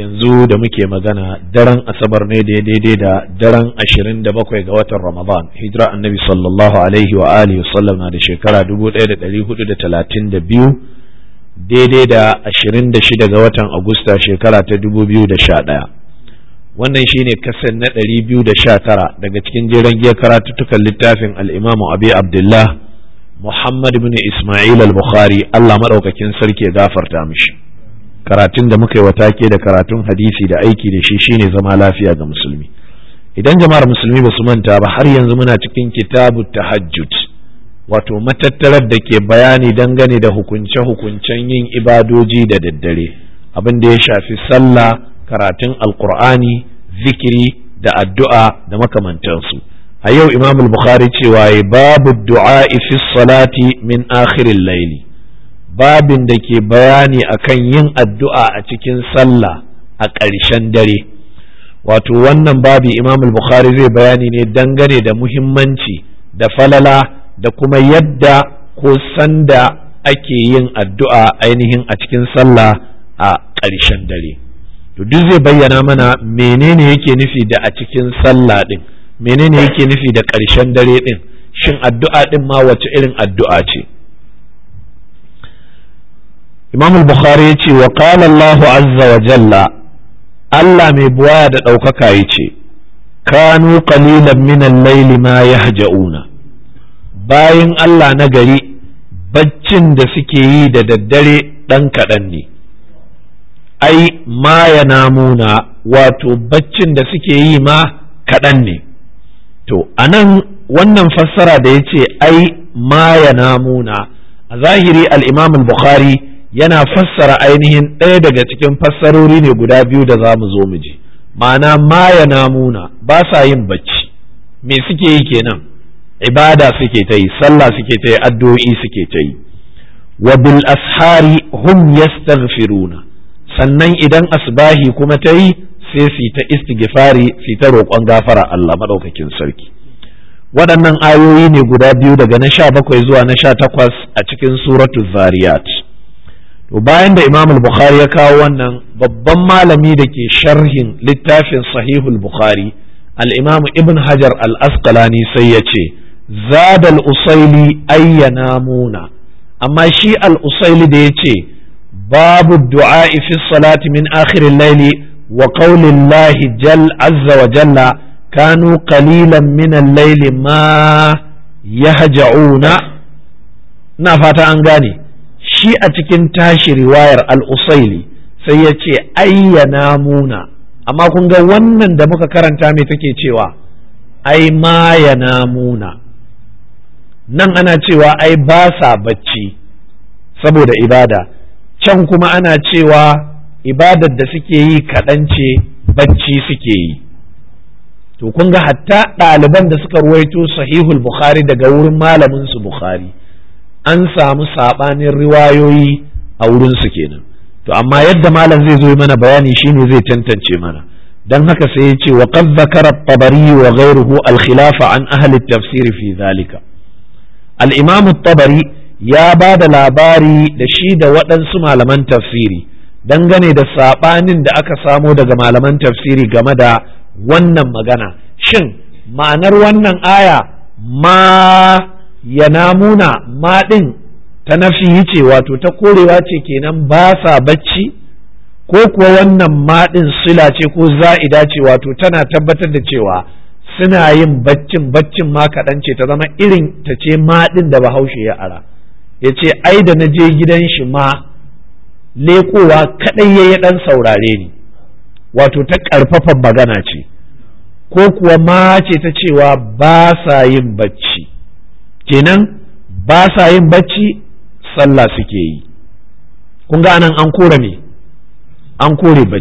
yanzu da muke magana daren asabar ne da daidai da daren ashirin da bakwai ga watan ramadan hijira annabi sallallahu alaihi wa alihi sallam na da shekara biyu daidai da ashirin da shida ga watan agusta shekara ta dubu biyu da sha ɗaya. wannan shine kasan na ɗari biyu da sha tara daga cikin jeren giya karatuttukan littafin al'imamu abi abdullah muhammad bin ismail al-bukhari allah maɗaukakin sarki ya gafarta mishi karatun da muka yi wata ke da karatun hadisi da aiki da shi shine zama lafiya ga musulmi idan jama'ar musulmi ba su manta ba har yanzu muna cikin kitabu tahajjud wato matattarar da ke bayani dangane da hukunce-hukuncen yin ibadoji da daddare abin da ya shafi sallah karatun alkur'ani zikiri da addu'a da makamantansu a yau imam bukhari cewa babu du'a fi salati min akhirin laili babin da ke bayani akan yin addu'a a cikin sallah a ƙarshen dare wato wannan babi imam bukhari zai bayani ne dangane da muhimmanci da falala da kuma yadda ko sanda ake yin addu'a ainihin a cikin sallah a ƙarshen dare duk zai bayyana mana menene yake nufi da a cikin sallah ɗin menene yake nufi da ƙarshen dare ɗin? shin addu'a ɗin ma wace irin addu'a ce imam al-bukhari ya ce wa qala Allah azza wa jalla Allah mai buwaya da ɗaukaka ya ce kanu qalilan min al-layli ma yahja'una bayin Allah na gari baccin da suke yi da daddare ɗan kaɗan ne ai ma ya namuna wato baccin da suke yi ma kaɗan ne to anan wannan fassara da yace ai ma ya namuna a zahiri al al'imam bukhari yana fassara ainihin ɗaya daga cikin fassarori ne guda biyu da za mu zo mu ji ma'ana ma namuna ba sa yin bacci me suke yi kenan ibada suke ta yi sallah suke ta yi addu'o'i suke ta yi wa bil ashari hum yastaghfiruna sannan idan asbahi kuma ta yi sai su ta istighfari su ta roƙon gafara Allah madaukakin sarki waɗannan ayoyi ne guda biyu daga na sha bakwai zuwa na sha takwas a cikin suratul zariyat to bayan da imam bukhari ya kawo wannan babban malami da ke sharhin littafin sahihul bukhari al-imam ibn hajar al-asqalani sai ya ce zada al-usaili ayyana muna amma shi al-usaili da ya ce babu du'a fi salati min akhir al-layli wa qawlillahi jal azza wa jalla kanu qalilan min al-layli ma yahja'una ina fata an gane shi a cikin tashi riwayar al sai ya ce ayyana muna amma kun ga wannan da muka karanta mai take cewa ai ma yana muna nan ana cewa ai ba sa bacci saboda ibada can kuma ana cewa ibadar da suke yi kaɗan ce bacci suke yi to kun ga hatta ɗaliban da suka ruwaito sahihul bukhari daga wurin malamin su bukhari an samu saɓanin riwayoyi a wurinsu kenan to amma yadda malam zai zo mana bayani shine zai tantance mana dan haka sai ya ce wa qad zakara at-tabari wa ghayruhu al-khilafa an ahli at-tafsir fi zalika al-imam at-tabari ya ba da labari da shi da waɗansu malaman tafsiri dangane da saɓanin da aka samo daga malaman tafsiri game da wannan magana shin ma'anar wannan aya ma yanamuna ma ta nafi ce wato ta korewa ce kenan ba sa bacci ko kuwa wannan maɗin sila ce ko za'ida ce wato tana tabbatar da cewa suna yin baccin baccin ma kaɗan ce ta zama irin ta ce maɗin da bahaushe ya ara ya ce ai da na je gidan shi ma lekowa kaɗai ya yi ɗan saurare ni wato ta ƙarfafan magana ce ko kuwa ma ce ta cewa ba sa yin bacci kenan ba sa yin bacci sallah suke yi kun ga anan an kore ne an kore bacci